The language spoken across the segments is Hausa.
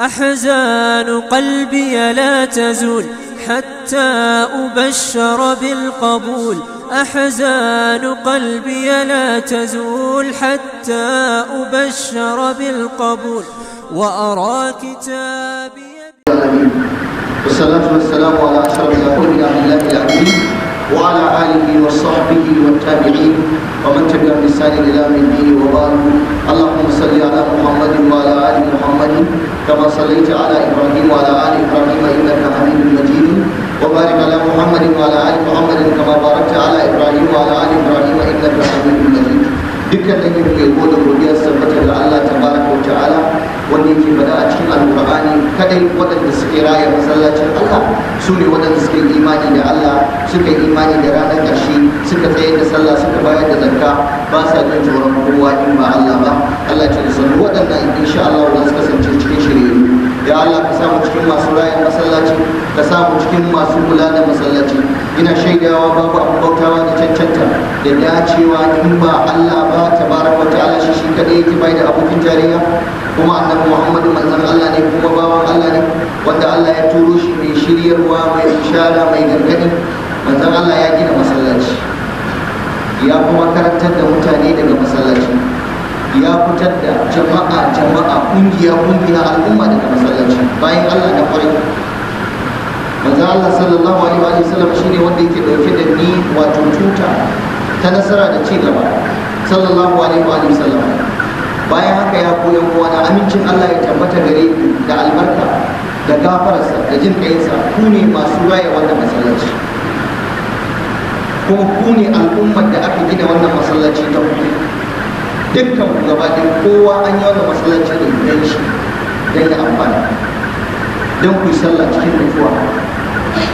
أحزان قلبي لا تزول حتى أبشر بالقبول أحزان قلبي لا تزول حتى أبشر بالقبول وأرى كتابي والصلاة والسلام على أشرف الأنبياء الله العظيم وعلى آله وصحبه والتابعين ومن تبع بإحسان إلى من الدين وبعد اللهم صل على محمد وعلى آل محمد كما صليت على إبراهيم وعلى آل إبراهيم إنك حميد مجيد وبارك على محمد وعلى آل محمد كما باركت على إبراهيم وعلى آل إبراهيم إنك حميد مجيد ذكر لك في ko da godiya sabbata da Allah wanda yake bada a cikin alƙur'ani kadai waɗanda suke raya masallacin Allah su ne waɗanda suke imani da Allah suka imani da ranar ƙarshe suka tsaye da sallah suka bayar da zakka ba sa jin tsoron kowa in ba Allah ba Allah ce da sallu waɗannan insha Allah za suka kasance cikin shirye ya Allah ka samu cikin masu rayar masallaci ka samu cikin masu kula da masallaci ina shaidawa babu abin bautawa da cancanta da dacewa in ba Allah ba ta wa ta'ala shi shi kadai yake bai da abokin tarayya kuma annabi Muhammad manzon Allah ne kuma bawan Allah ne wanda Allah ya turo shi mai shiryarwa mai bishara mai gargadi manzon Allah ya gina masallaci ya kuma karantar da mutane daga masallaci ya fitar da jama'a jama'a kungiya kungiya al'umma daga masallaci bayan Allah ya kwarai manzo Allah sallallahu alaihi wa sallam shine wanda yake dauke da ni wato tuta ta nasara da ci gaba sallallahu alaihi wa sallam bayan haka ya koyon kowa da amincin Allah ya tabbata gare ni da albarka da gafararsa da jin kayinsa ku ne masu raya wannan masallaci kuma ku ne al'ummar da aka gina wannan masallaci ta ku dukkan gaba ɗaya kowa an yi wannan masallaci da shi don ya amfana don ku yi sallah cikin natsuwa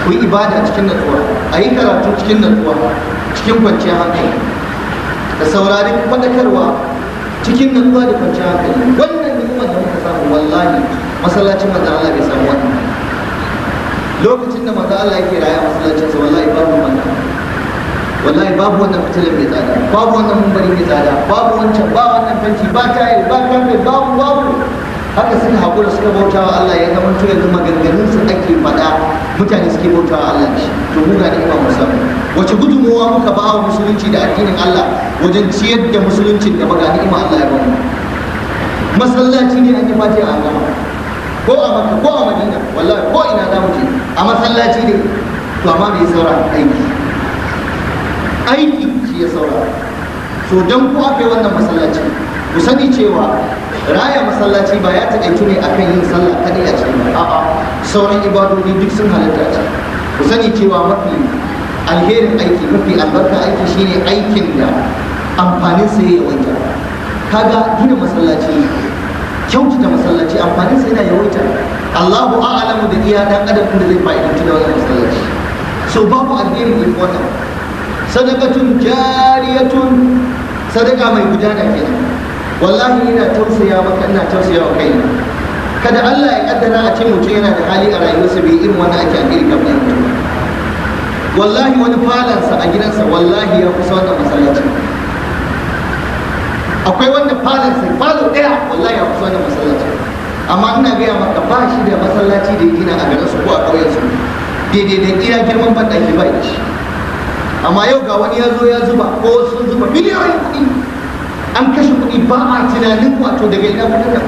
ku yi ibada cikin natsuwa a yi karatu cikin natsuwa cikin kwanciyar hankali da saurari faɗakarwa cikin natsuwa da kwanciyar hankali wannan ne kuma da muka samu wallahi masallacin manzo Allah bai samu wannan lokacin da manzo Allah yake raya masallacin sa wallahi babu wannan wallahi babu wannan fitilin mai tsada babu wannan mumbari mai tsada babu wancan ba wannan fenti ba tayil ba kafe babu babu haka haƙu da suka bauta wa Allah ya zama tuyar yanzu maganganun su ake faɗa mutane suke bauta wa Allah shi to mu ga ni'ima mu samu wace gudunmuwa muka ba wa musulunci da addinin Allah wajen ciyar da musuluncin da maga ima Allah ya bamu masallaci ne an yi fati a Allah ko a maka ko a Madina wallahi ko ina za mu je a masallaci ne to amma me ya saura aiki aiki shi ya saura so dan ku aka yi wannan masallaci ku sani cewa raya masallaci ba ya taƙaitu ne akan yin sallah kaɗai a cikin a'a sauran ibadodi duk sun halatta ce ku sani cewa mafi alherin aiki mafi albarka aiki shine aikin da amfanin sa ya yawaita kaga gina masallaci kyautata masallaci amfanin sa yana yawaita Allahu a'lamu da iya dan adam da zai fa'idanci da wannan masallaci so babu alheri ne wannan sadaqatun jariyatun sadaka mai gudana kenan wallahi ina tausaya maka ina tausaya wa kaina kada Allah ya kaddara a ce mutum yana da hali a rayuwarsa bai irin wani ake a irin kamar wallahi wani falansa a gidansa wallahi ya kusa wannan masallaci akwai wanda falansa falo ɗaya wallahi ya kusa wannan masallaci amma ina gaya maka ba shi da masallaci da ya gina a su ko a ƙauyensu daidai da iya girman banɗaki ba shi amma yau ga wani ya zo ya zuba ko sun zuba miliyoyin kuɗi an kashe kuɗi ba a tunanin wato daga ina kuɗin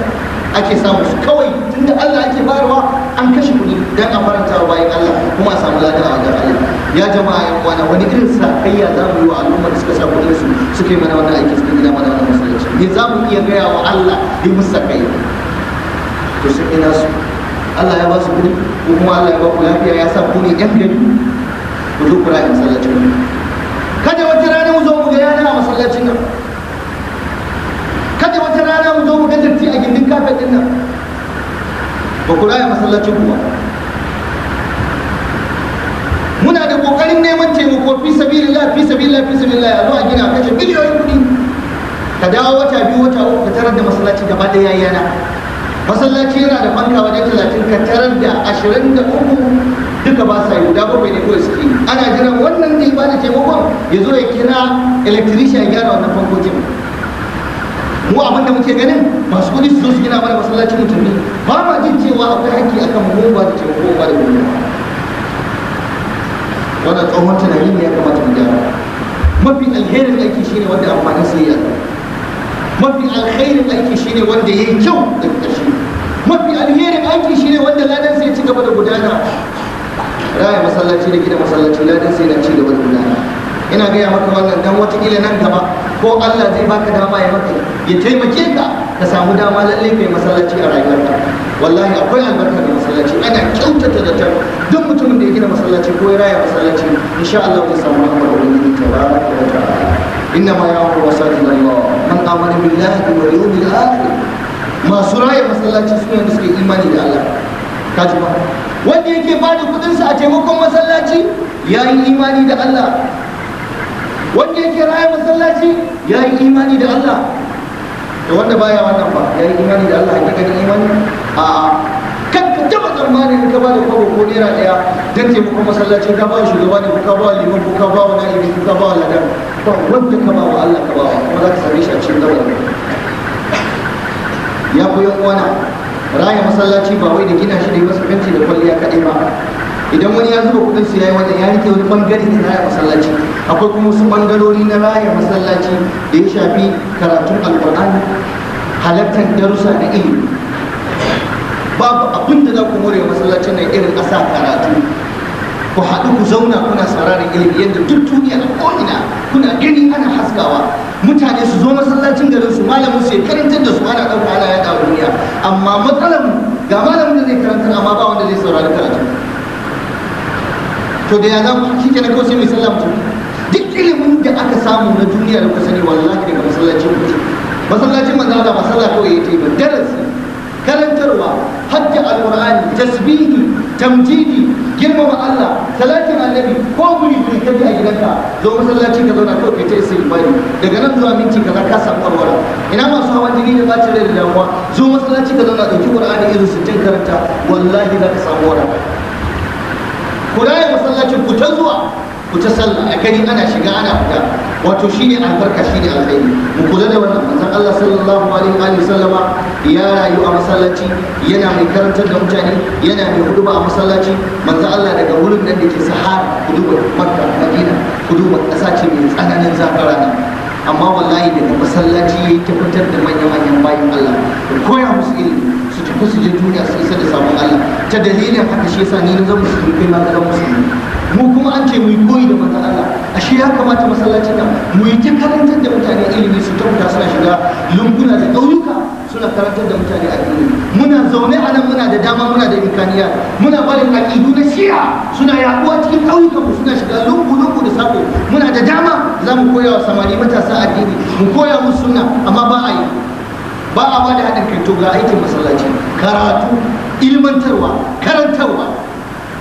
ake samu su kawai tunda Allah ake bayarwa an kashe kuɗi dan a faranta wa bayan Allah kuma a samu ladan a wajen Allah ya jama'a ya kwana wani irin sakayya za mu yi wa al'umma da suka sa kuɗin su su kai mana wannan aiki kai gina mana wannan masallaci ne za mu iya gaya wa Allah yi musu sakayya to sun ina su Allah ya ba su kuɗi ko kuma Allah ya ba ku lafiya ya sa ku ne yan biyar ku zo ku ra'ayin masallacin kada wata rana mu zo mu ga yana masallacin nan za mu zo mu ga a gindin kafin din nan ba ku raya masallacin kuwa muna da kokarin neman taimako fi sabilillah fi sabilillah fi sabilillah ya zo a gina kashe miliyoyin kuɗi ka dawo wata biyu wata uku ka tarar da masallaci gaba da yayyana masallaci yana da fanka wajen talatin ka tarar da ashirin da uku duka ba sa yi guda bakwai ne kawai suke ana jiran wannan da ya bada taimakon ya zo ya kira electrician ya gyara wannan fankocin mu abin da muke ganin masu kudi su zo su gina mana masallacin musulmi ba ma jin cewa akwai hakki akan mu ba da taimako ba da gobe wannan tsohon tunani ne ya kamata mu gyara mafi alherin aiki shine wanda amfanin sai ya mafi alherin aiki shine wanda ya yi kyau daga ƙarshe mafi alherin aiki shine wanda ladan sai ci gaba da gudana raya masallaci da gina masallaci ladan sai na ci gaba da gudana ina gaya maka wannan dan wata nan gaba ko Allah zai baka dama ya maka ya taimake ka ka samu dama lalle kai masallaci a rayuwarka wallahi akwai albarka da masallaci ana kyautata da ta duk mutumin da ya gina masallaci ko ya raya masallaci insha Allah zai samu rahmar ta tabaraka da ta inna ma ya'muru masajid Allah man amana billahi wal yawmil akhir masu raya masallaci su ne suke imani da Allah kaji ba wanda yake bada kudin sa a taimakon masallaci yayi imani da Allah wanda ya raya masallaci ya yi imani da Allah da wanda baya wannan ba ya yi imani da Allah gani imani a kan ka taba tsammani ka ba da kwabo ko naira daya don taimakon masallacin ka ba shugaba ne ko ka ba liman ko ka ba wa na'ibi ko ka ba wa ladan ba wanda ka ba wa Allah ka ba wa kuma za ka same shi a cikin daular ya ku yan uwana raya masallaci ba wai da gina shi da yi masa fenti da kwalliya kaɗai ba idan wani ya zuba kuɗin su yi wannan ya rike wani bangare na raya masallaci akwai kuma wasu bangarori na raya masallaci da ya shafi karatun alkur'ani halartar darussa na ilimi babu abin da za ku more masallacin nan irin ƙasa karatu ku haɗu ku zauna kuna sauraron ilimi yadda duk duniya na ko'ina kuna gani ana haskawa mutane su zo masallacin garin su malamin su ya karantar da su ana ɗauka ana yaɗa duniya amma matsalar ga malamin da zai karantar amma ba wanda zai saurari karatu to da ya za ku shi kenan kawai sai mai sallah mutum duk ilimin da aka samu na duniya da kusa ne wallahi daga masallacin mutum masallacin manzo Allah ba sallah kawai yake ba darasi karantarwa hajji alqur'ani tasbihi tamjidi girmama Allah salatin annabi ko guri ne kaje a gidanka zo masallaci ka zauna kawai fita ta sai ibadi daga nan zuwa minti kaza ka samu warwara ina masu hawan jini da bacin rai da damuwa zo masallaci ka zauna dauki qur'ani irin sittin karanta wallahi za ka samu wara ku raya masallacin ku ta zuwa ku ta sallah a gani ana shiga ana fita wato shine albarka shine alkhairi mu kula da wannan manzon Allah sallallahu alaihi wa sallama ya rayu a masallaci yana mai karantar da mutane yana mai huduba a masallaci manzon Allah daga wurin nan da ke sahara ku duba Makka Madina ku duba ce mai tsananin zafara rana amma wallahi daga masallaci ya yi fitar da manya-manyan bayan Allah da koya musu ilimi su tafi su je duniya su isa da samun Allah ta dalilin haka shi yasa ni na zama musulmi kai ma zama musulmi mu kuma an ce mu yi koyi da manzon Allah ashe ya kamata masallacin nan mu yi ta karantar da mutane ilimi su tabbata suna shiga lunguna da ƙauyuka suna karantar da mutane addini muna zaune a nan muna da dama muna da imkaniya muna bari aƙidu na shiya suna yaduwa cikin ƙauyuka mu suna shiga lungu lungu da sako muna da dama za mu koya wa samari matasa addini mu koya musu suna amma ba a yi ba a ba da haɗin kai to ga aikin masallaci karatu ilmantarwa karantarwa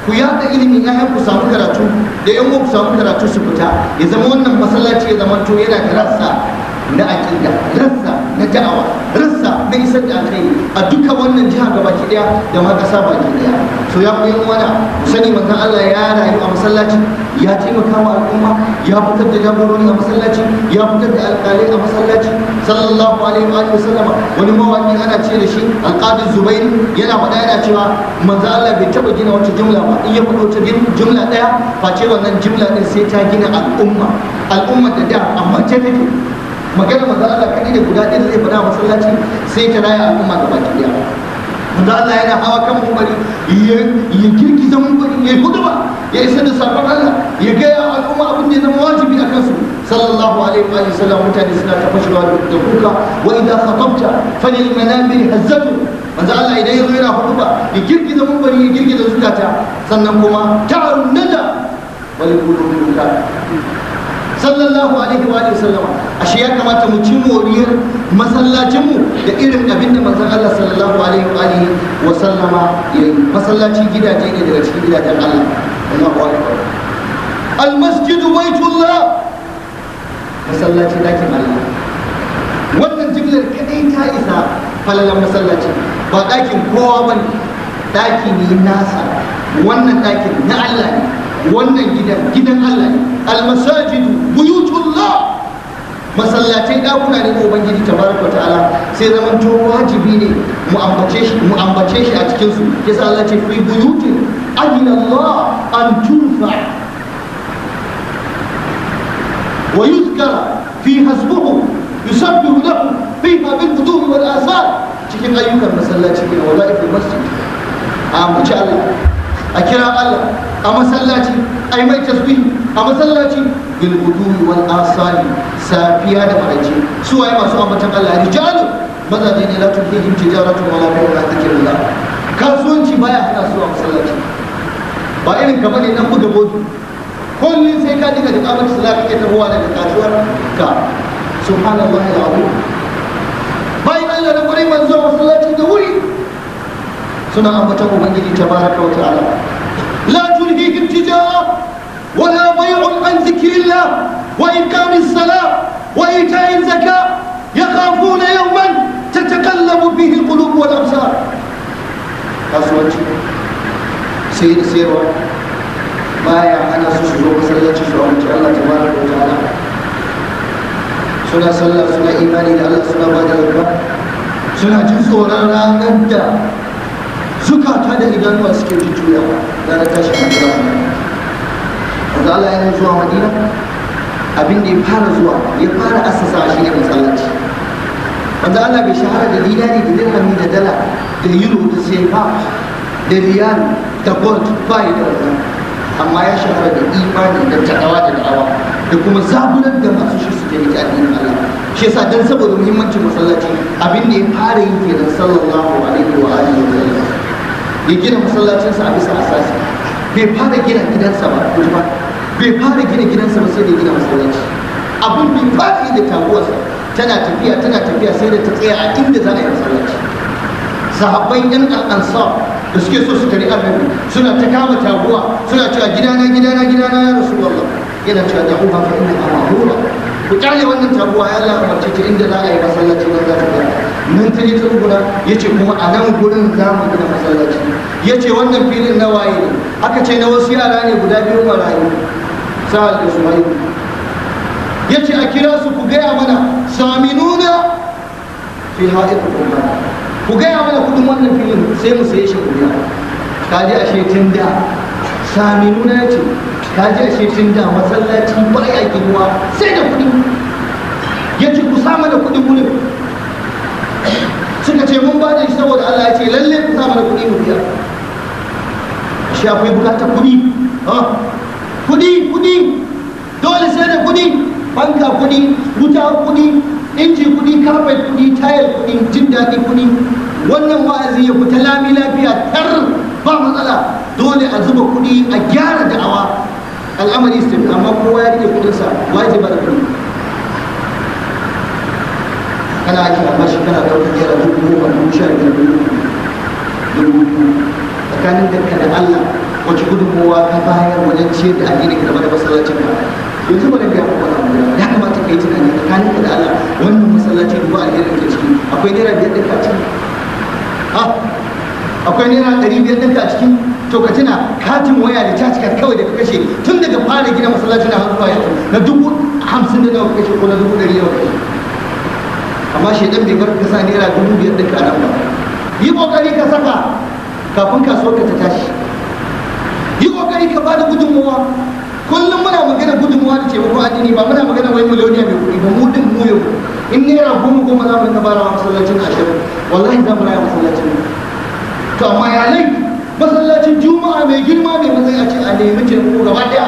ku yada ilimin ƴaƴan ku samu karatu da yan ku samu karatu su fita ya zama wannan masallaci ya zama to yana da na aƙida rassa na da'awa rassa na isar da yi a duka wannan jiha ga baki daya da ma kasa baki daya to ya koyi wana sani manzon Allah ya rayu a masallaci ya taimaka wa al'umma ya fitar da jagorori a masallaci ya fitar da alƙalai a masallaci sallallahu alaihi wa sallama wani mawaki ana ce da shi alƙadi zubair yana faɗa yana cewa manzon Allah bai taɓa gina wata jumla ba in ya faɗo ta jumla ɗaya face wannan jumla din sai ta gina al'umma al'umma da da amma ta take magana manzo Allah kadai da guda ɗin da zai faɗa masallaci sai ta raya al'umma da baki daya manzo Allah yana hawa kan mumbari ya girgiza mumbari ya hudu ba ya isa da sabon Allah ya gaya al'umma abin da ya zama wajibi a kansu sallallahu alaihi wa sallam mutane suna ta fashewa da kuka wa idan khatabta fa lil manabir hazzatu manzo Allah idan ya zo yana hudu ba ya girgiza mumbari ya girgiza zukata sannan kuma ta'arun nada wal qulubi sallallahu alaihi wa sallam ashe ya kamata mu ci moriyar masallacinmu da irin abin da manzon Allah sallallahu alaihi wa alihi wa sallama yi masallaci gidaje ne daga cikin gidajen Allah Allahu akbar al masjid baitullah masallaci dakin Allah wannan jimlar kadai ta isa falalan masallaci ba dakin kowa bane daki ne nasa wannan dakin na Allah ne wannan gidan gidan Allah ne al masajid buyutul masallacin ɗakuna ne ubangiji tabaraka wa ta'ala sai zaman to wajibi ne mu ambace shi mu ambace shi a cikin su yasa Allah ce fi buyuti ajina Allah an turfa wa yuzkara fi hasbuhu yusabbihu lahu fi ma bil qudum wal asar cikin ayyukan masallaci ne wa za'ifil masjid a ambace Allah a kira Allah a masallaci a yi mai tasbihi a masallaci bil wal asali safiya da marace su waye masu ambatan Allah rijalu mazaje ne la tulhihim tijaratu wala bai'un an dhikrillah kasuwanci baya hana su a masallaci ba irin kamar ne nan buga bodu kullum sai ka dinga da kamar sallah kake tabowa daga kasuwar ka ya abu. bai Allah da gurin manzo masallaci da wuri suna ambatan ubangiji tabaraka wa ta'ala la tulhihim tijaratu ولا ضيع عن ذكر الله وإقام الصلاة وإيتاء الزكاة يخافون يوما تتقلب فيه القلوب والأبصار أسود سير سير ما يا أنا سجود مسألة شعور إن شاء الله تبارك وتعالى سنة صلى سنة إيمان إلى الله سنة بعد الإيمان سنة جزورا لا أنت زكاة هذا إيمان واسكير جدولا لا نتشكى الله manzo Allah yana zuwa Madina abin da ya fara zuwa ya fara asasa shi ne masallaci manzo Allah bai shahara da dinari da dirhami da dala da euro da sefa da riyal da gold ba da wannan amma ya shahara da imani da takawa da da'awa da kuma zabunan da masu shi su da addinin Allah shi yasa dan saboda muhimmancin masallaci abin da ya fara yin kenan sallallahu alaihi wa alihi wa sallam ya gina masallacinsa a bisa asasi bai fara gina gidansa ba kuma bai fara gina gidansa ba sai da gina masallaci abin bai fara da taguwarsa tana tafiya tana tafiya sai da ta tsaya a inda za a yi masallaci sahabbai yan al'ansar da suke so su tari annabi suna ta kama taguwa suna cewa gidana gidana gidana ya rasu wallah yana cewa da uba fa inna ma'mura ku kyale wannan taguwa ya Allah umarce ta inda za a yi masallaci ba za ta gina nan ta je ta tsugura ya ce kuma a nan gurin za mu gina masallaci ya ce wannan filin na waye ne aka ce na wasu yara ne guda biyu marayu Yace ya ce a kira su ku gaya mana saminuna fi ha'iƙa kuma ku gaya mana kudin wannan filin sai mu sai shi kuriya ka ji a tun da saminuna ya ce ka ji a tun da masallaci baya girma sai da kudin ya ce ku samu mana kudin wurin suka ce mun ba da shi saboda Allah ya ce lalle ku samu mana kudin mu biya shi akwai bukatar kudi ah. kudi kudi dole sai da kudi banka kudi wuta kudi inji kudi carpet kudi tayal kudi jin daɗi kudi wannan wa'azi ya fita lami lafiya tar ba matsala dole a zuba kudi a gyara da'awa al'amari su amma kowa ya rike kudinsa waje ba da kudi kana ake amma shi kana ɗaukar yara dubu goma dubu sha biyar dubu dubu tsakanin da Allah wace gudunmowa ka bayar wajen ciyar da addinin ka da masallacin ba yanzu ba da biya kuma wani ya kamata ka yi tunani tsakanin ka da Allah wannan masallacin ba a ke ciki akwai naira biyar ɗinka a ciki akwai naira ɗari biyar da ka ciki to ka tuna katin waya da caci ka kawai da ka kashe tun daga fara gina masallacin na hanzuwa yanzu na dubu hamsin da nawa ka kashe ko na dubu ɗari yawa kashe amma shaidan bai bar ka sa naira dubu biyar da ka nan ba yi ƙoƙari ka saka kafin kasuwar ka ta tashi kokari ka bada gudunmuwa kullum muna magana gudunmuwa da taimako addini ba muna magana wai miliyoniya mai kuɗi ba mu din mu yau in naira goma goma za mu rika bara wa masallacin ashirin wallahi za mu raya masallacin to amma ya lai masallacin juma'a mai girma mai matsayi a ce a nemi taimako gaba daya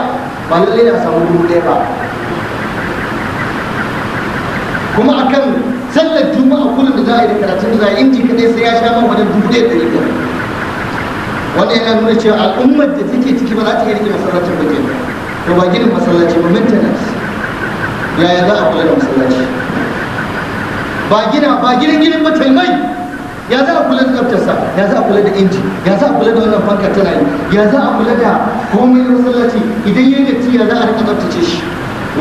ba lallai da samu dubu ɗaya ba kuma akan sallar juma'a kullum da za a yi da karatun da za a yi inji kadai sai ya sha man wajen dubu ɗaya ɗari biyar wanda ya nuna cewa al'ummar da take ciki ba za ta iya rike masallacin ba kenan to ba gina masallaci ba maintenance yaya za a kula da masallaci ba gina ba gidan gidan mai ya za a kula da tsaftarsa ya za a kula da inji ya za a kula da wannan fankar tana yi ya za a kula da komai na masallaci idan ya gaci ya za a rika tsaftace shi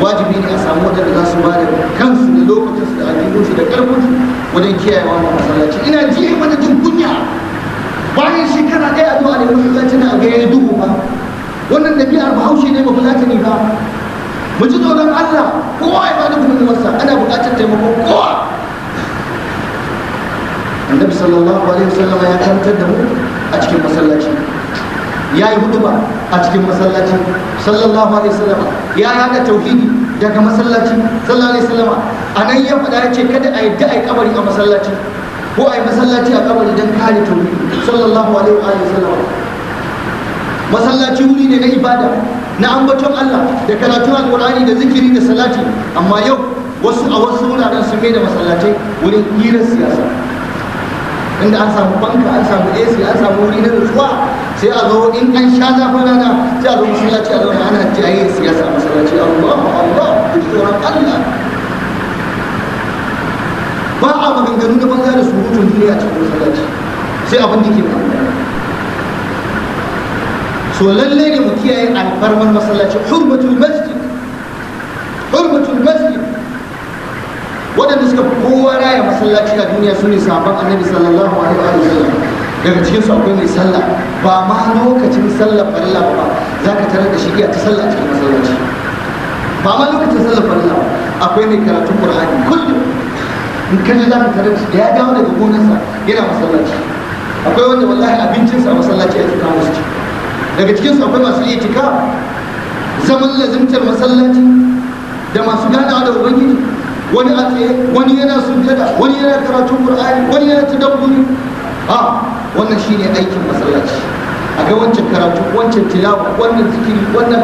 wajibi ne a samu waɗanda za su ba da kansu da lokacinsu da aljihunsu da ƙarfinsu wajen kiyayewa masallaci ina ji mana jin kunya bayan shekara ɗaya zuwa da mutum tana ga ya duhu ba wannan ɗabi'ar bahaushe ne ba za ta ne ba mu ji tsoron Allah kowa ya bada wasa ana buƙatar taimakon kowa annabi sallallahu alaihi wasallam ya karantar da mu a cikin masallaci ya yi hutuba a cikin masallaci sallallahu alaihi wasallam ya yada tauhidi daga masallaci sallallahu alaihi wasallam nan ya faɗa ya ce kada a yadda a yi kabari a masallaci ko a yi masallaci a kamar don kare tauri sallallahu alaihi wa sallam masallaci wuri ne na ibada na ambaton Allah da karatun alqur'ani da zikiri da salati amma yau wasu a wasu wuraren sun mai da masallatai wurin hirar siyasa inda an samu banka an samu AC an samu wuri na nutsuwa sai a zo in an sha zafin rana sai a zo masallaci a zauna ana ji a siyasa masallaci Allah Allah Allah ba a maganganu da banza da surutun duniya cikin masallaci sai abin da ke da so lalle ne mu kiyaye alfarman masallaci hurmatul masjid hurmatul masjid waɗanda suka fi kowa raya masallaci a duniya su ne sabon annabi sallallahu alaihi wa sallam daga cikin su akwai mai sallah ba ma lokacin sallah farilla ba za ka tarar da shi iya ta sallah cikin masallaci ba ma lokacin sallah farilla akwai mai karatun qur'ani kullum in ka ji za ka karanci da ya dawo daga gonarsa yana masallaci akwai wanda wallahi abincinsa a masallaci ya tuka musu ci daga cikinsu akwai masu iya tika zaman lazimtar masallaci da masu ganawa da ubangiji wani a tsaye wani yana sujjada wani yana karatun qur'ani wani yana tadabburi a ah, wannan shine aikin masallaci a ga wancan karatu wancan tilawa wannan zikiri wannan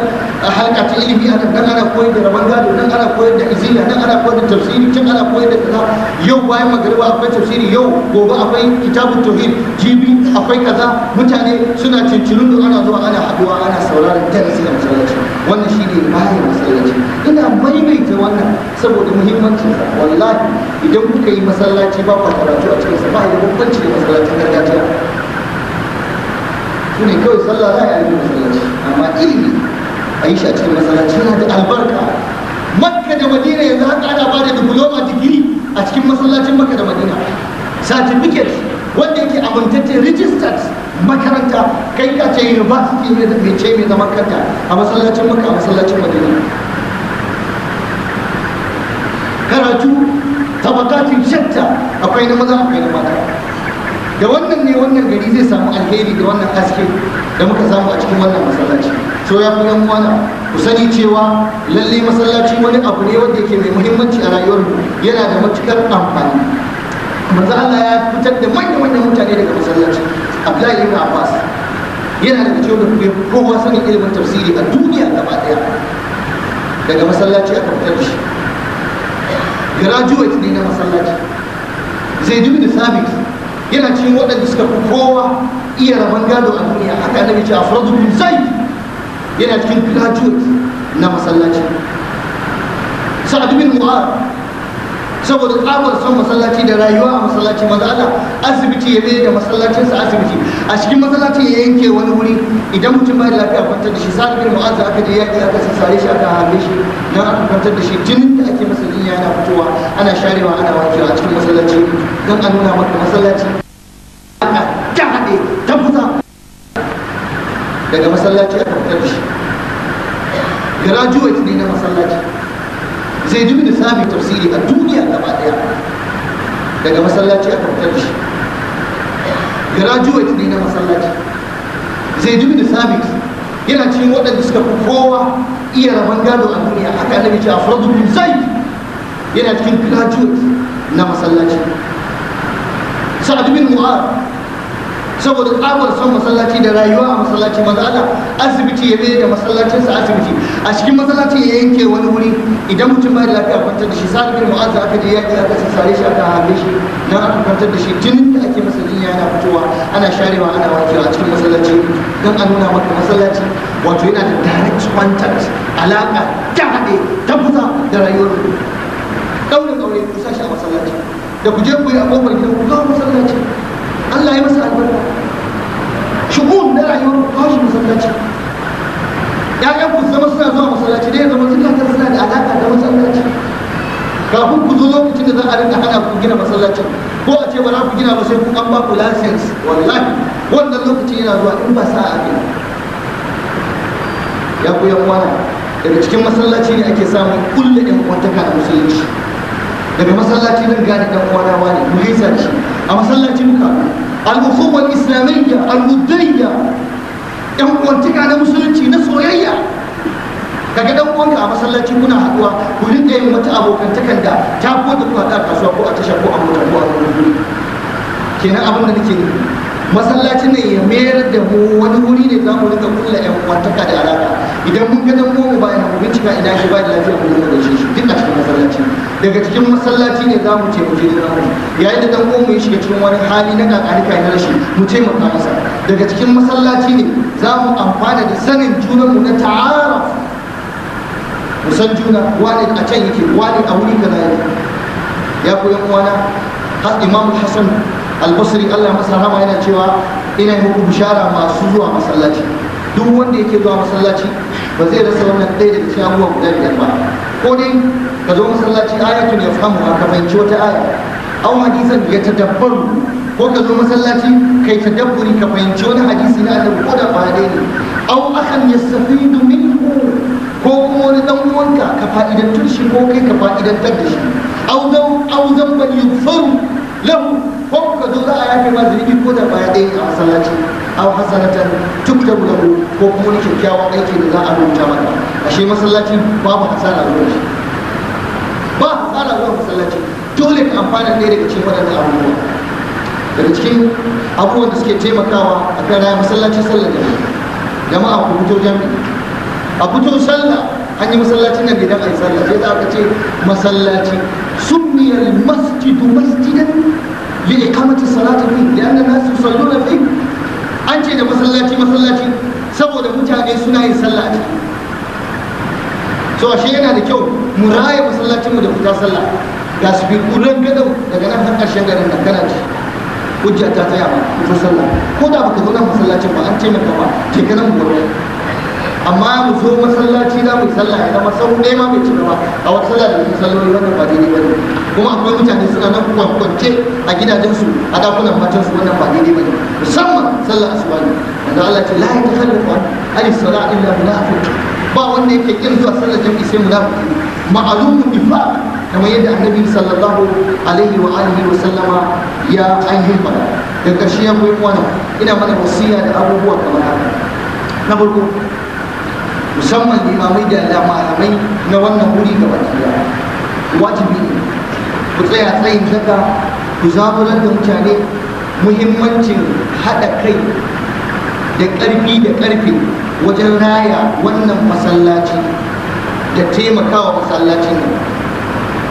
halka ta ilimi a nan ana koyar da rabon gado nan ana koyar da izila nan ana koyar da tafsiri can ana koyar da kaza yau bayan magariba akwai tafsiri yau gobe akwai kitabun tauhid jibi akwai kaza mutane suna cincirin da ana zuwa ana haduwa ana sauraron darasi a masallaci wannan shi ne bayan masallaci ina maimaita wannan saboda muhimmancin sa wallahi idan kuka yi masallaci ba ku karatu a cikin sa ba ya bambanci da masallacin gargajiya ne kawai sallah za a yi masallaci amma ilimi a yi shi a cikin masallaci yana da albarka makka da madina yanzu haka ana ba da diploma digiri a cikin masallacin makka da madina certificate wanda yake amintacce registered makaranta kai ka ce university ne da ce mai zaman kanta a masallacin makka a masallacin madina karatu tabakatin shatta akwai na maza akwai na mata da wannan ne wannan gari zai samu alheri da wannan haske da muka samu a cikin wannan masallaci so ya fi yan uwana ku sani cewa lalle masallaci wani abu ne wanda yake mai muhimmanci a rayuwar mu yana da matukar amfani manzo Allah ya fitar da manyan manyan mutane daga masallaci Abdullahi ibn Abbas yana da cewa da kuma kowa sanin ilimin tafsiri a duniya gaba daya daga masallaci aka fitar da shi graduate ne na masallaci zai duba da sabit yana cikin waɗanda suka fi kowa iya rabon gado a duniya haka annabi ce afradu bin zai yana cikin graduate na masallaci sa'ad bin mu'ar saboda tsabar son masallaci da rayuwa a masallaci maza Allah asibiti ya bai da masallacinsa asibiti a cikin masallaci ya yanke wani wuri idan mutum bai lafiya kwantar da shi sa'ad bin za aka je yaki aka sassare shi aka hame shi don aka kwantar da shi jinin da ake masallaci. duniya na fitowa ana sharewa ana wankewa a cikin masallaci don a nuna maka masallaci a ta ta buza daga masallaci aka fitar da shi graduate ne na masallaci zai dubi da sami tafsiri a duniya gaba daya daga masallaci aka fitar da shi graduate ne na masallaci zai dubi da sami yana cikin waɗanda suka fi kowa iya rabon gado a duniya haka annabi ce a bin zai yana cikin graduate na masallaci sa'ad bin mu'ar saboda tsabar son masallaci da rayuwa a masallaci maza Allah asibiti ya bayyana da sa asibiti a cikin masallacin ya yanke wani wuri idan mutum bai da lafiya kwantar da shi sa bin mu'azza aka je kira aka sare shi aka harbe shi don aka kwantar da shi tun da ake masa jinya yana fitowa ana sharewa ana wakewa a cikin masallaci don a nuna maka masallaci wato yana da direct contact alaka ta haɗe ta kusa da rayuwar mutum da ku je ku yi a kofar gida ku kawo masallaci Allah ya masa albarka shugun na rayuwar ku kawo shi masallaci ƴaƴan ku zama suna zuwa masallaci dai zama ta suna da alaƙa da masallaci kafin ku zo lokacin da za a rinka hana ku gina masallaci ko a ce ba za ku gina ba sai ku an ba ku license wallahi wannan lokacin yana zuwa in ba sa a gina ya ku yan daga cikin masallaci ne ake samun kulle ɗan kwantaka a musulunci daga masallaci na gani da kwana wani mu gaisa a masallacin ka al-ukhuwa islamiyya al-wuddayya yan uwantaka na musulunci na soyayya daga dan uwanka a masallaci kuna haɗuwa ku rinka yin wata abokantakan da ta ko da kuwa ta kasuwa ko a tasha ko a mota ko a wani kenan abin da nake nufi masallacin nan ya mayar da mu wani wuri ne za mu rika kulla yan wataka da alaka idan mun gadon mu mu bayan mu bincika ina shi ba da lafiya mu rika da shi duk a cikin masallaci daga cikin masallaci ne za mu mu je mu yayin da dan mu ya shiga cikin wani hali na kakarika na rashi mu taimaka masa daga cikin masallaci ne za mu amfana da sanin junan mu na ta'ara mu san juna wani a can yake wani a wuri kaza yake ya koyan uwana imam hasan albasri allah masa rama yana cewa ina yi muku bishara masu zuwa masallaci duk wanda yake zuwa masallaci ba zai rasa wannan ɗaya daga cikin abubuwa guda biyar ba ko dai ka zo masallaci ayatun ya a ka fahimci wata aya aw hadisan ya tadabbaru ko ka zo masallaci kai tadabburi ka fahimci wani hadisi na da ko da ba dai ne aw akan yastafidu minhu ko kuma wani dan uwanka ka fa'idantar shi ko kai ka fa'idantar da shi aw zan aw zan bal yufaru lahu zo za a yafe ma zunubi ko da baya ɗaya a masallaci aw duk da lahu ko kuma wani kyakkyawan aiki da za a rubuta maka ashe masallaci babu hasara zuwa shi ba hasara zuwa masallaci dole ka amfana ɗaya daga cikin waɗannan abubuwa daga cikin abubuwan da suke taimakawa a kan raya masallaci sallar da jama'a ku fito jami'a a fito sallah an yi masallacin nan gidan a yi sallah sai za ka ce masallaci sunniyar masjidu masjidan li iqamati salati fi lianna nas yusalluna fi an ce da masallaci masallaci saboda mutane suna yin sallah so ashe yana da kyau mu raya masallacin mu da fita sallah ga su bi kuran gadau daga nan har ƙarshen garin ta tsaya ba fita sallah ko da baka zo nan masallacin ba an ce maka ba ke kana mu gurbin amma mu zo masallaci za mu sallah idan zama sau ɗaya ma bai ci gaba a wasu sallah da su salloli wannan ba daidai ba ne kuma akwai mutane suna nan kwakwance a gidajensu a dakunan su wannan ba daidai ba ne musamman sallah asuba ne wanda Allah ce la ta hallufa ali sala illa munafiq ba wanda yake kin zuwa sallar jami'i sai munafiki ma'alumun ifa kamar yadda annabi sallallahu alaihi wa alihi wa sallama ya ainihin da ƙarshen ya koyi ina mana wasiya da abubuwa kamar haka na farko musamman limamai da malamai na wannan wuri gaba ɗaya wajibi ne ku tsaya tsayin daga ku zaburar da mutane muhimmancin haɗa kai da ƙarfi da ƙarfe wajen raya wannan masallaci da taimakawa masallacin nan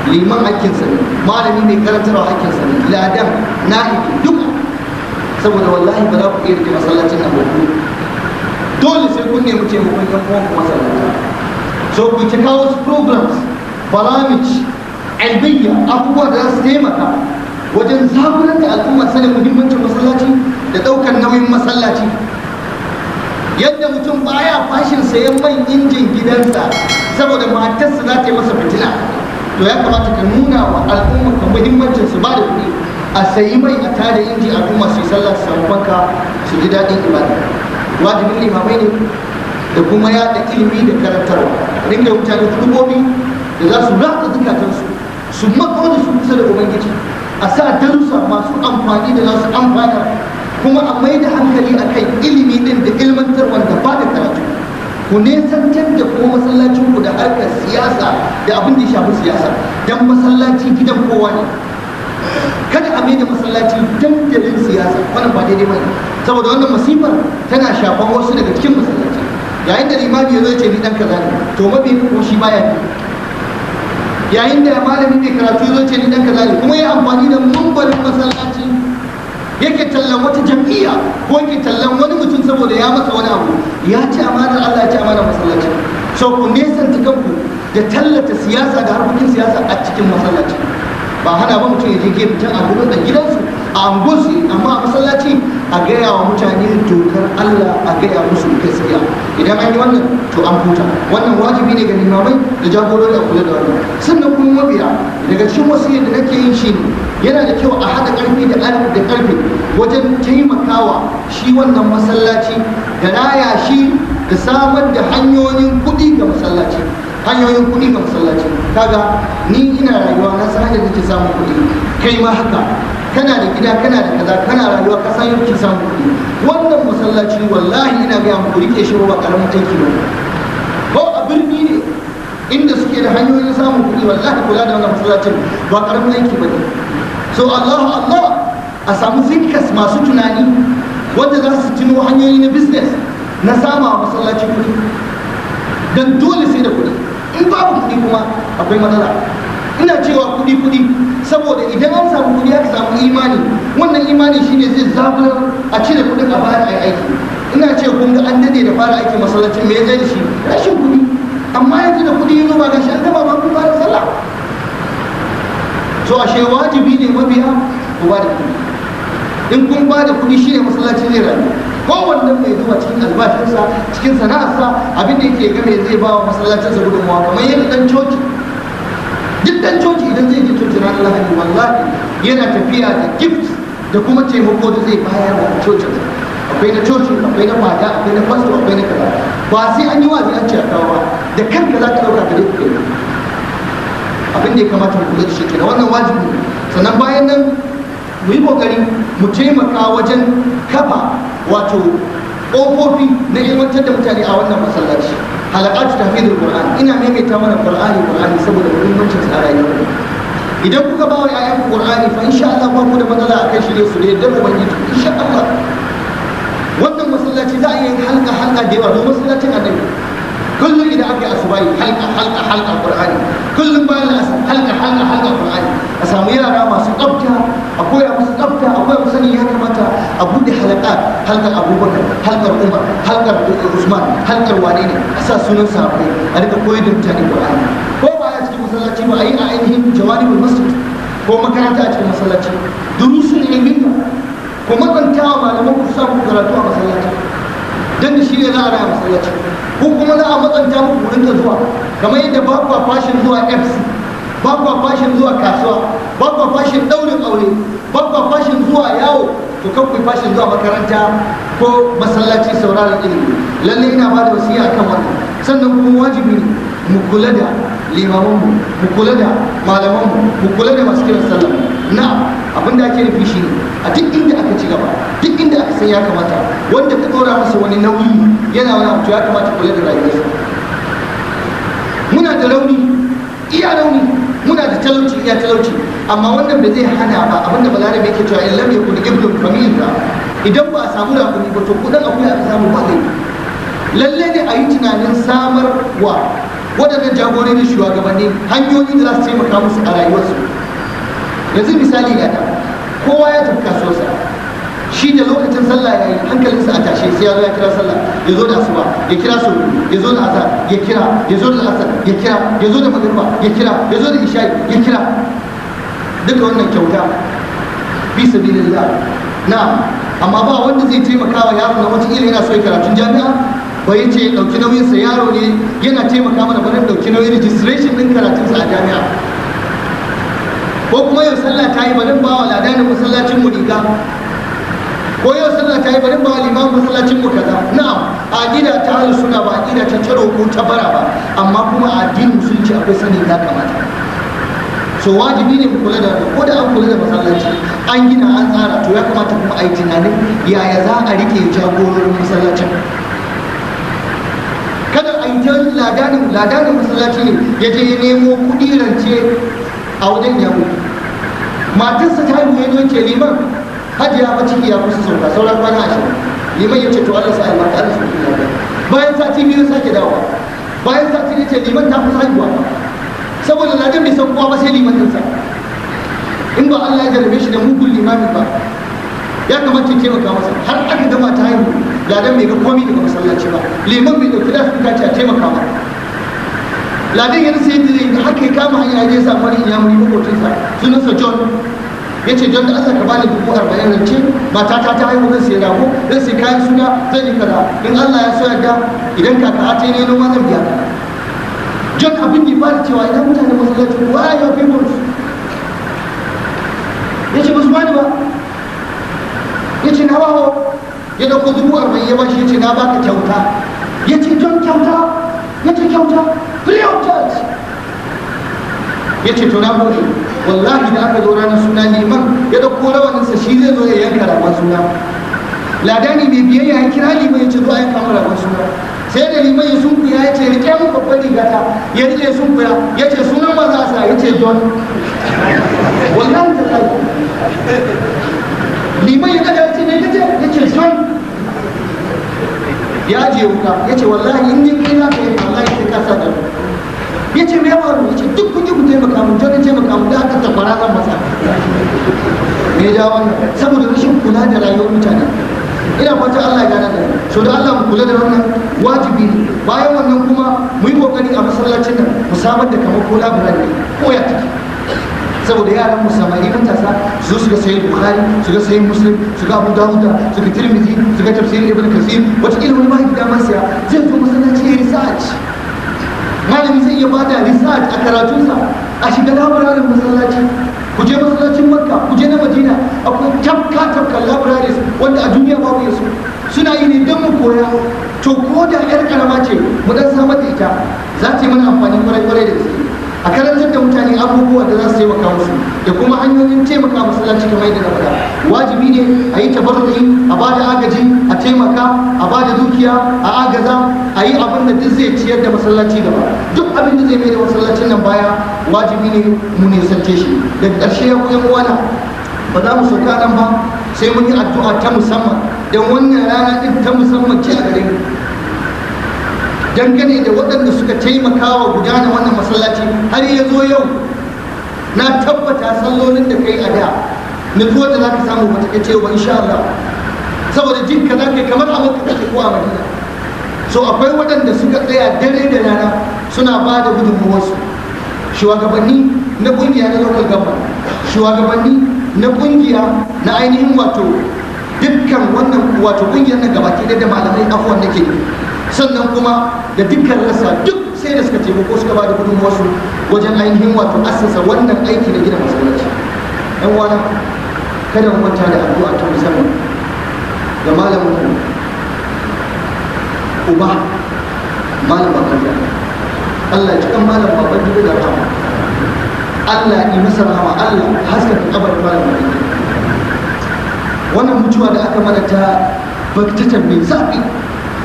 liman hakkin ne malami mai karantarwa hakkin ne ladan na'ibi duk saboda wallahi ba za ku iya rike masallacin nan ba dole ku ne muke hukun yan kuma sanata so ku kawo wasu programs balamij albiyya abubuwa da za su taimaka wajen zaburar da al'ummar sanin muhimmancin masallaci da ɗaukar nauyin masallaci yadda mutum baya fashin sayan man injin gidansa saboda matarsa za ta yi masa fitina to ya kamata ka nuna wa al'umma ka muhimmancin su ba da kuɗi a sayi mai a tare inji al'umma su yi sallah su samu banka su ji daɗin ibada wajibin limamai ne da kuma da ilimi da karantarwa dinga mutane hudubobi da za su rata zukatansu su makon da su kusa da ubangiji a sa darussa masu amfani da za su amfana kuma a mai da hankali a kan ilimi din da ilmantar da ba da karatu ku nesantar da masallacin masallacinku da harkar siyasa da abin da ya shafi siyasa don masallaci gidan kowa ne kada a mai da masallaci dandalin siyasa wannan ba daidai ba saboda wannan masifar tana shafan wasu daga cikin masallaci yayin da limami ya zo ce ni dan kaza ne to mabi ko shi baya ne yayin da malami mai karatu ya zo ce ni dan kaza ne kuma ya amfani da mumbarin masallaci yake tallan wata jam'iyya ko yake tallan wani mutum saboda ya masa wani abu ya ci amanar Allah ya ci amanar masallaci so ku nesanta kanku da tallata siyasa da harkokin siyasa a cikin masallaci ba hana ba mutum ya je gefe can a gurin a gidansu a anguwarsu amma a masallaci a gaya wa mutane dokar Allah a gaya musu gaskiya idan an yi wannan to an huta wannan wajibi ne ga limamai da jagorori a kula da wannan sannan kuma mabiya daga cikin wasu da nake yin shi yana da kyau a haɗa ƙarfi da da ƙarfi wajen taimakawa shi wannan masallaci da raya shi da samar da hanyoyin kuɗi ga masallaci hanyoyin kuɗi ga masallaci kaga ni ina rayuwa na san yadda nake samun kuɗi kai ma haka kana da gida kana da kaza kana rayuwa ka san yake samun kuɗi wannan masallaci wallahi ina ga mu rike shi ba karamin aiki ba ko a birni ne inda suke da hanyoyin samun kuɗi wallahi kula da wannan masallacin ba karamin aiki ba ne so Allahu Allah a samu zinkas masu tunani wanda za su tuno hanyoyi na business na sama masallaci kuɗi dan dole sai da kuɗi in babu kuɗi kuma akwai matsala ina cewa kuɗi kuɗi saboda idan an samu kuɗi aka samu imani wannan imani shine zai zaburar a cire kuɗin a fara aiki ina ce kun ga an dade da fara aikin masallaci me zai shi rashin kuɗi amma yanzu da kuɗi yazo ba gashi an gaba ba ku fara sallah to ashe wajibi ne mabiya ku ba da kuɗi in kun ba da kuɗi shine masallaci zai rayu kowanne mai zuwa cikin albashinsa cikin sana'arsa abin da yake game zai ba wa masallacinsa gudunmawa kamar yadda dan coci duk dan coci idan zai je coci ranar lahadi wallahi yana tafiya da gift da kuma taimako da zai bayar wa cocin akwai na coci akwai na fada akwai na fasto akwai na kaza ba sai an yi wazi an ce a kawo ba da kanka za ka ɗaura da duk abin da ya kamata mu kula da shi kenan wannan wajibi sannan bayan nan mu yi kokari mu taimaka wajen kafa wato ƙofofi na ilmantar da mutane a wannan masallaci halakatu tahfidul qur'an ina maimaita mana qur'ani qur'ani saboda muhimmancin sa a rayuwar idan kuka bawa wa ƴaƴan ku qur'ani fa insha Allah ba ku da matsala akan ne su da yadda ubangiji insha Allah wannan masallaci za a yi halka halka da yawa don masallacin annabi kullum idan aka yi asubahi halka halka halka qur'ani kullum bayan asar halka halka halka qur'ani a samu yara masu tsafta a koya musu tsafta a koya musu ya kamata a bude halaka halkar abubakar halkar umar halkar eh, usman halkar wane ne a sa sunan sahabbai a rika koyi da mutane qur'ani ko ba ya cikin masallaci ba a yi a ainihin jawani jawanibul masjid ko makaranta a cikin masallaci durusun ilmin ko makanta wa malaman ku samu karatu a masallaci dan da shi ne za a raya masallaci ko kuma za a matsanta muku ta zuwa kamar yadda ba kwa fashin zuwa fc ba kwa fashin zuwa kasuwa ba kwa fashin daurin aure ba kwa fashin zuwa yawo to kan kuwa fashin zuwa makaranta ko masallaci sauraron ilimi lalle ina ba da wasiya kan wannan sannan kuma wajibi mu kula da limamanmu mu kula da malamanmu mu kula da masu kiran sallah na'am abin da ake nufi shi ne a duk inda aka ci gaba duk inda aka san ya kamata wanda ka tsora masa wani nauyi yana wani abu ya kamata kula da rayuwarsa muna da rauni iya rauni muna da talauci iya talauci amma wannan ba zai hana ba abinda balarabe ke cewa illam yakun ibnu famila idan ba a samu rakuni ba to kudin akuya aka samu ba zai lalle ne a yi tunanin samar wa waɗannan jagorori shugabanni hanyoyi da za su taimaka musu a rayuwarsu yanzu misali ga ta kowa ya tafi kasuwarsa shi da lokacin sallah ya yi hankalinsa a tashe sai ya zo ya kira sallah ya zo da asuba ya kira su ya zo da azar ya kira ya zo da asar ya kira ya zo da magarba ya kira ya zo da isha'i ya kira duka wannan kyauta fi sabilillah na amma ba wanda zai taimaka wa yaro na wata ila yana so ya karatun jami'a ba ya ce ɗauki sa yaro ne yana taimaka mana barin ɗauki nauyin registration ɗin karatunsa a jami'a ko kuma yau sallah ta yi barin ba wa ladani masallacin mu riga ko yau sallah ta yi barin ba wa limamin masallacin mu kaza a gida ta hal suna ba gida ta taro ko ta bara ba amma kuma a addinin musulunci akwai sani ya kamata so wajibi ne mu kula da ko da an kula da masallaci an gina an tsara to ya kamata kuma a yi tunanin yaya za a rike jagororin masallacin kada a yi ladanin ladanin masallaci ne ya je nemo kudi rance a wajen yawon matarsa ta haihu ya zo ce liman hajji ya ciki ya kusa sauka sauran kwana shi liman ya ce to Allah ya maka Allah sa'a maka bayan sati biyu sake dawowa bayan sati ya ce liman ta kusa haihuwa saboda ladan bai san kowa ba sai liman ɗinsa in ba Allah ya jarabe shi da mugun limamin ba ya kamata ya taimaka masa har aka gama ta haihu ladan bai ga komai daga masallaci ba liman bai dauki da su ta ce a taimaka ba ladan ya rasa da zai haka ya kama hanya ya je sa farin ya muri makotinsa sunansa john ya ce John da asa ka bani dubu arba'in rance mata ta ta haihu zan sai rago zan sai kayan suna zan yi kaza in allah ya so yarda idan kaka ta yi ne noma zan biya john abin da ya da cewa idan mutane masallaci why your people ya ce musu bani ba ya ce na ba ya dauko dubu arba'in ya bashi ya ce na baka kyauta ya ce don kyauta ya ce kyauta biliyon church ya ce to na gode wallahi da aka zo ranar suna liman ya dauko rawaninsa shi zai zo ya yanka ragon suna ladani mai biyayya ya kira liman ya ce zo a yanka mu ragon suna sai da liman ya sunku ya ce rike mu babbar rigata ya rike sunku ya ya ce sunan maza sa ya ce don wallahi ta liman ya daga ya ce ne ya ce don ya je wuka ya ce wallahi in yin kai za ka yi wallahi sai ka sa da ya ce mai yawa ya ce duk kun yi ku taimaka mun ta taimaka mun da aka tabbara zan masa me ja wannan saboda rashin kula da rayuwar mutane ina fata Allah ya gana da so da Allah mu kula da wannan wajibi ne bayan wannan kuma mu yi kokari a masallacin nan mu samar da kamar ko labirin ne ko ya take saboda yaran mu samari matasa su suka sayi bukhari ga sayi muslim suka abu dawuda suka tirmidhi ga tafsirin ibn kasir wata ilimin ma gida man siya zai zo masallaci ya research malami zai iya bada research a karatunsa a shiga labirarin masallaci ku je masallacin makka ku je na madina akwai tabka-tabka tafka labiraris wanda a duniya babu yasu suna yi ne don mu koya to ko da yar karama ce mu dan samar da ita za ta yi mana amfani kwarai kwarai da gaske a karantar da mutane abubuwa da za su taimaka musu da kuma hanyoyin taimaka masallaci kamar mai da faɗa wajibi ne a yi tabarruki a da agaji a taimaka a ba da dukiya a agaza a yi abin da duk zai ciyar da masallaci gaba duk abin da zai mai da masallacin nan baya wajibi ne mu sante shi da ƙarshe ya kuɗin wana ba za mu sauka nan ba sai mun yi addu'a ta musamman don wannan rana ɗin ta musamman ce a gare mu dangane da waɗanda suka taimaka wa gudana wannan masallaci har ya zo yau na tabbata sallolin da kai a da nutsuwar da za ka samu ba ta kai cewa insha Allah saboda jin ka za ka kamar a maka kake kuwa a madina so akwai waɗanda suka tsaya dare da rana suna ba da gudunmuwarsu shugabanni na ƙungiya na local government shugabanni na ƙungiya na ainihin wato dukkan wannan wato ƙungiyar na gabaki da malamai afuwan nake sannan kuma da dukkan rasa duk sai da suka taimako suka ba da gudunmuwarsu wajen ainihin wato assasa wannan aiki na gina masallaci yan wana kada mu kwanta da addu'a ta musamman ga malamin uba malam bakarja Allah ya cikin malam baban dubu da rahama Allah yi masa rahama Allah haskar da kabar malam wannan mutuwa da aka mana ta baktatan mai zafi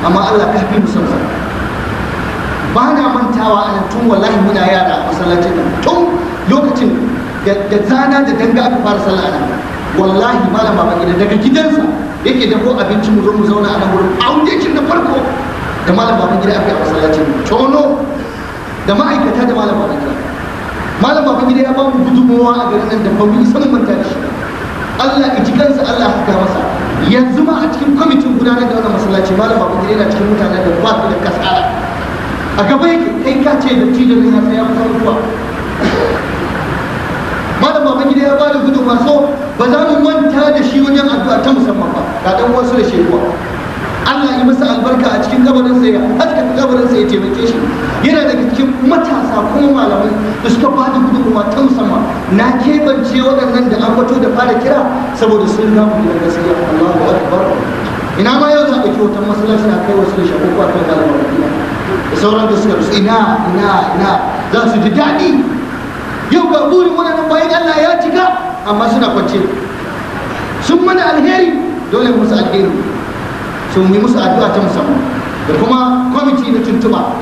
amma Allah ka fi musamman ba na mantawa a tun wallahi muna yara a masallacin nan tun lokacin da zana da danga aka fara sallah nan wallahi malam baba gida daga gidansa yake dafo abincin mu zo mu zauna a nan wurin a wujecin na farko da malam baba gida aka yi a masallacin tono da ma'aikata da malam baba gida malam baba gida ya ba mu gudunmawa a garin nan da ba mu yi sanin manta da shi Allah ya ji kansa Allah ya haka masa yanzu ma a cikin kwamitin gudanar da wannan masallaci malam ba kudi na cikin mutane da ba su da kasala a gaba yake kai ka ce da tijo ne sai ya kusa mutuwa malam ba gida ya da gudu so ba za mu manta da shi wajen addu'a ta musamman ba ga dan wasu da shekuwa Allah yi masa albarka a cikin kabarinsa ya haska kabarinsa ya taimake shi yana daga cikin matasa kuma malamai da suka bada gudunmawa ta musamman na kebance waɗannan da an fito da fara kira saboda sun ga mu da gaskiya Allahu akbar ina ma yau za a ɗauki hoton masallaci suna kai wasu da shafuku a kan kalmar da sauran da suka rusu ina ina ina za su ji daɗi yau ga burin waɗannan bayan Allah ya cika amma suna kwance sun mana alheri dole musu alheri sun yi musu addu'a ta musamman da kuma kwamiti na tuntuba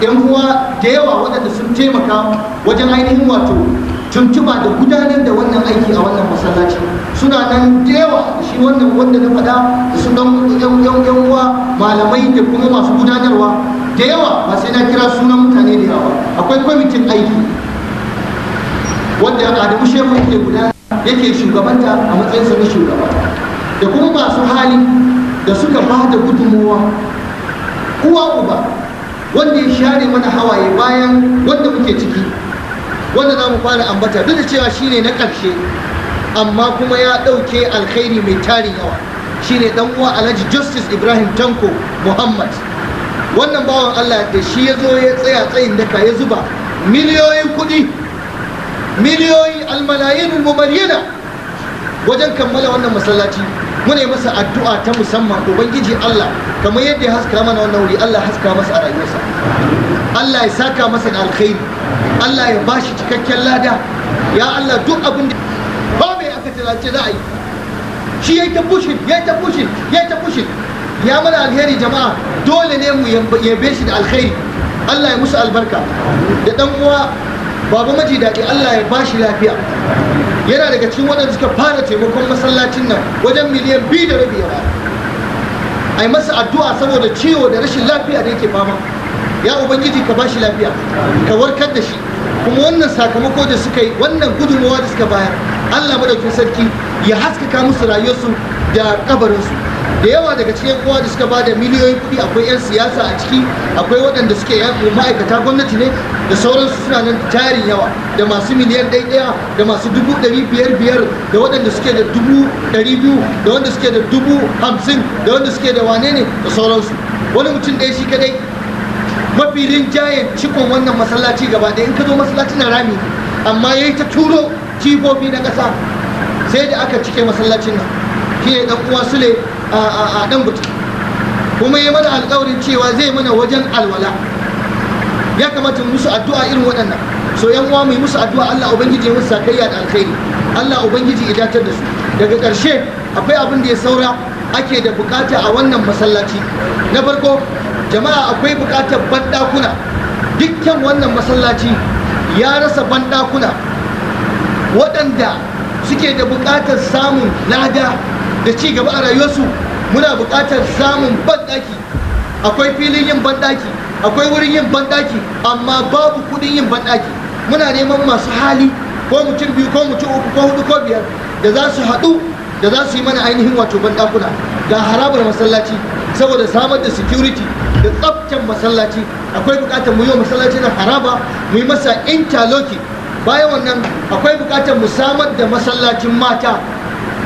yan uwa da yawa waɗanda sun taimaka wajen ainihin wato tuntuba da gudanar da wannan aiki a wannan masallaci suna nan da yawa shi wannan wanda na faɗa da su ɗan yan uwa malamai da kuma masu gudanarwa da yawa ba sai na kira sunan mutane da yawa akwai kwamitin aiki wanda adamu shehu yake gudanar yake shugabanta a matsayinsa na shugaba da kuma masu hali da suka ba da gudunmowa uwa uba wanda ya share mana hawaye bayan wanda muke ciki wanda za mu fara ambata duk da cewa shi ne na ƙarshe amma kuma ya ɗauke alkhairi mai tarin yawa shi ne ɗan uwa alhaji justice ibrahim tanko muhammad wannan bawan allah da shi ya zo ya tsaya tsayin daka ya zuba miliyoyin kuɗi miliyoyin almalayin mumariyana wajen kammala wannan masallaci mune masa addu'a ta musamman ubangiji Allah kamar yadda ya haska mana wannan wuri Allah haska masa a rayuwarsa Allah ya saka masa da alkhairi Allah ya bashi cikakken lada ya Allah duk abin da ba mai aka tilace za a yi shi ya ta bushin ya ta bushin ya ta bushin ya mana alheri jama'a dole ne mu yabe shi da alkhairi Allah ya musu albarka da dan uwa baba maji daɗi Allah ya bashi lafiya yana daga cikin waɗanda suka fara taimakon masallacin nan wajen miliyan biyu da rabi yawa a yi masa addu'a saboda ciwo da rashin lafiya da yake fama ya ubangiji ka ba shi lafiya ka warkar da shi kuma wannan sakamako da suka yi wannan gudunmawa da suka bayar allah madaukin sarki ya haskaka musu rayuwarsu da kabarinsu da yawa daga cikin kowa da suka ba da miliyoyin kuɗi akwai 'yan siyasa a ciki akwai waɗanda suke yaƙo ma'aikata gwamnati ne da sauransu suna nan tarin yawa da masu miliyan ɗaya da masu dubu ɗari biyar biyar da waɗanda suke da dubu ɗari biyu da wanda suke da dubu hamsin da wanda suke da wane ne da sauransu wani mutum ɗaya shi kadai mafi rinjayen cikon wannan masallaci gaba ɗaya in ka zo masallaci na rami amma ya yi ta turo kifofi na ƙasa sai da aka cike masallacin nan shi ne ɗan uwa sule a dan butu kuma ya mana alƙawarin cewa zai mana wajen alwala ya kamata mu musu addu'a irin waɗannan so yan uwa mu musu addu'a Allah ubangiji ya musu sakayya da alkhairi Allah ubangiji ya datar da su daga ƙarshe akwai abin da ya saura ake da bukata a wannan masallaci na farko jama'a akwai bukatar bandakuna dukkan wannan masallaci ya rasa banɗakuna waɗanda suke da bukatar samun lada da ci gaba a rayuwarsu muna buƙatar samun banɗaki akwai filin yin banɗaki akwai wurin yin banɗaki amma babu kuɗin yin banɗaki muna neman masu hali ko mutum biyu ko mutum uku ko hudu ko biyar da za su haɗu da za su yi mana ainihin wato banɗakuna ga harabar masallaci saboda samar da security da tsaftar masallaci akwai buƙatar mu yi wa masallaci na haraba mu yi masa interlocking bayan wannan akwai buƙatar mu samar da masallacin mata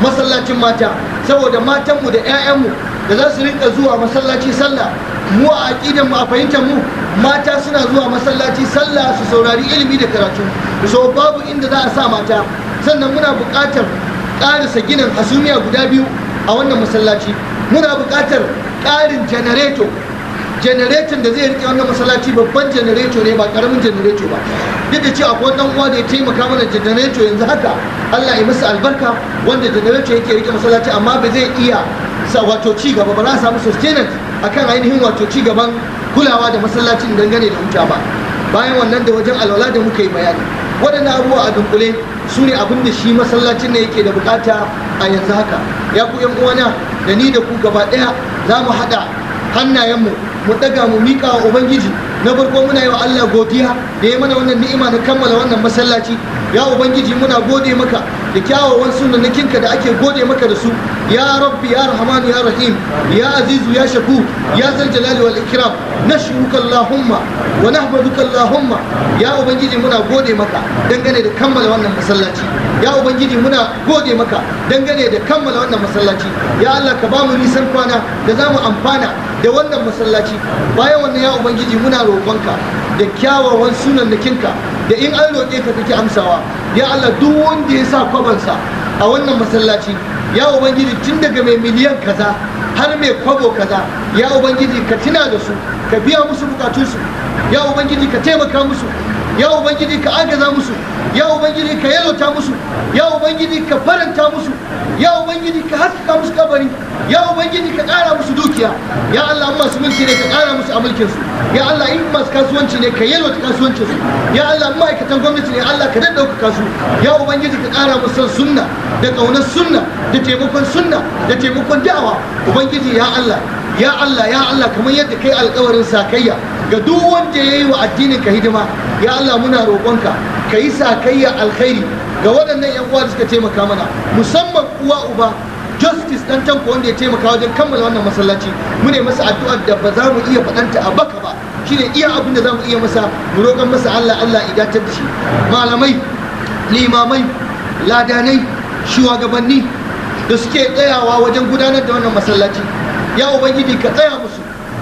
masallacin mata saboda matanmu da 'ya'yanmu da za su rinka zuwa masallaci sallah mu a aƙidan mu a fahimtar mu mata suna zuwa masallaci sallah su saurari ilimi da karatu so babu inda za a sa mata sannan muna buƙatar ƙarisa ginin hasumiya guda biyu a wannan masallaci muna buƙatar ƙarin janareto janareton da zai rike wannan masallaci babban janareto ne ba karamin janareto ba duk da ce akwai dan uwa da ya taimaka mana janareto yanzu haka Allah ya masa albarka wanda janareto yake rike masallaci amma ba zai iya sa wato ci gaba ba za a samu sustenance akan ainihin wato ci gaban kulawa da masallacin dangane da wuta ba bayan wannan da wajen alwala da muka yi bayani waɗannan abubuwa a dunkule su ne abin da shi masallacin ne yake da bukata a yanzu haka ya ku yan uwana da ni da ku gaba ɗaya za mu haɗa hannayenmu mu daga mu mika wa ubangiji na farko muna yi wa Allah godiya da ya mana wannan ni'ima na kammala wannan masallaci ya ubangiji muna gode maka da kyawawan sunanakinka da ake gode maka da su ya rabbi ya rahman ya rahim ya azizu ya shaku ya zal jalali wal ikram nashkuruka allahumma wa nahmaduka allahumma ya ubangiji muna gode maka dangane da kammala wannan masallaci ya ubangiji muna gode maka dangane da kammala wannan masallaci ya Allah ka bamu nisan kwana da zamu amfana da wannan masallaci bayan wannan ya ubangiji muna roƙonka da kyawawan nikinka da in an roƙe ka fi amsawa ya Allah duk wanda ya sa kwabansa a wannan masallaci ya ubangiji tun daga mai miliyan kaza har mai kwabo kaza ya ubangiji ka tuna da su ka biya musu bukatunsu ya ubangiji ka taimaka musu ya ubangiji ka agaza musu ya ubangiji ka yalwata musu ya ubangiji ka faranta musu ya ubangiji ka haskaka musu kabari ya ubangiji ka kara musu dukiya ya Allah in masu mulki ne ka kara musu a mulkin su ya Allah in masu kasuwanci ne ka yalwata kasuwancin su ya Allah in ma'aikatan gwamnati ne Allah ka daddauka kasu ya ubangiji ka kara musu san sunna da kaunar sunna da taimakon sunna da taimakon da'awa ubangiji ya Allah ya Allah ya Allah kamar yadda kai alkawarin sakayya ga duk wanda ya yi wa addinin ka hidima ya Allah muna roƙonka ka yi sakayya alkhairi ga waɗannan yan uwa da suka taimaka mana musamman uwa uba justice dan tanko wanda ya taimaka wajen kammala wannan masallaci mu ne masa addu'ar da ba za mu iya faɗanta a baka ba shine iya abin da za mu iya masa mu roƙan masa Allah Allah idatar da shi malamai limamai ladanai shugabanni da suke tsayawa wajen gudanar da wannan masallaci ya ubangiji ka tsaya musu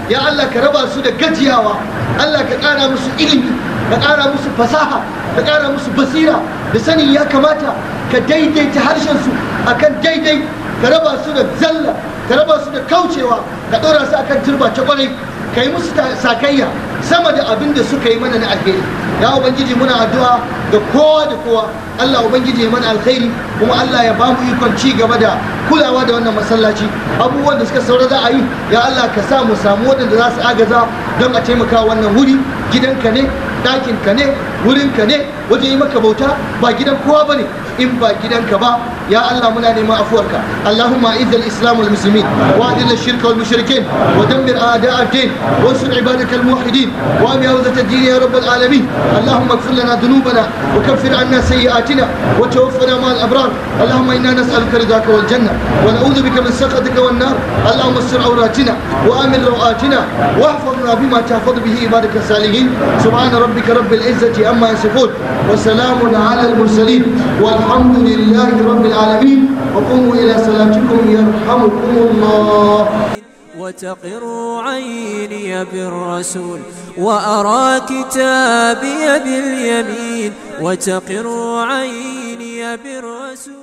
ya Allah ka raba su da gajiyawa Allah ka ƙara musu ilimi ka kara musu fasaha ka kara musu basira da sanin ya kamata ka daidaita harshen su akan daidai ka raba su da zalla ka raba su da kaucewa ka ɗora su akan turba ta kwarai ka yi musu sakayya sama da abin da suka yi mana na alheri ya ubangiji muna addu'a da kowa da kowa Allah ubangiji ne mana alkhairi kuma Allah ya bamu ikon ci gaba da kulawa da wannan masallaci abubuwan da suka saura za a yi ya Allah ka sa mu samu waɗanda za su agaza don a taimaka wannan wuri gidanka ne ɗakinka ne wurinka ne wajen yi maka bauta ba gidan kowa bane in ba gidanka ba ya Allah muna neman afuwarka Allahumma izz al-islam wal muslimin wa adil ash-shirka wal mushrikin wa dammir a'da' ad-din wa ansur ibadak al-muwahhidin wa bi hawzat ad-din ya rabb al-alamin Allahumma ighfir lana dhunubana wa kaffir 'anna sayyi'atina wa tawaffana ma al-abrar Allahumma inna nas'aluka ridaka wal janna wa na'udhu bika min sakhatika wan nar Allahumma istur awratina wa amin rawatina wa ihfazna bima tahfaz bihi ibadak as-salihin subhana rabbika rabbil izzati amma yasifun وسلام على المرسلين والحمد لله رب العالمين وقوموا إلى صلاتكم يرحمكم الله وتقر عيني بالرسول وأرى كتابي باليمين وتقر عيني بالرسول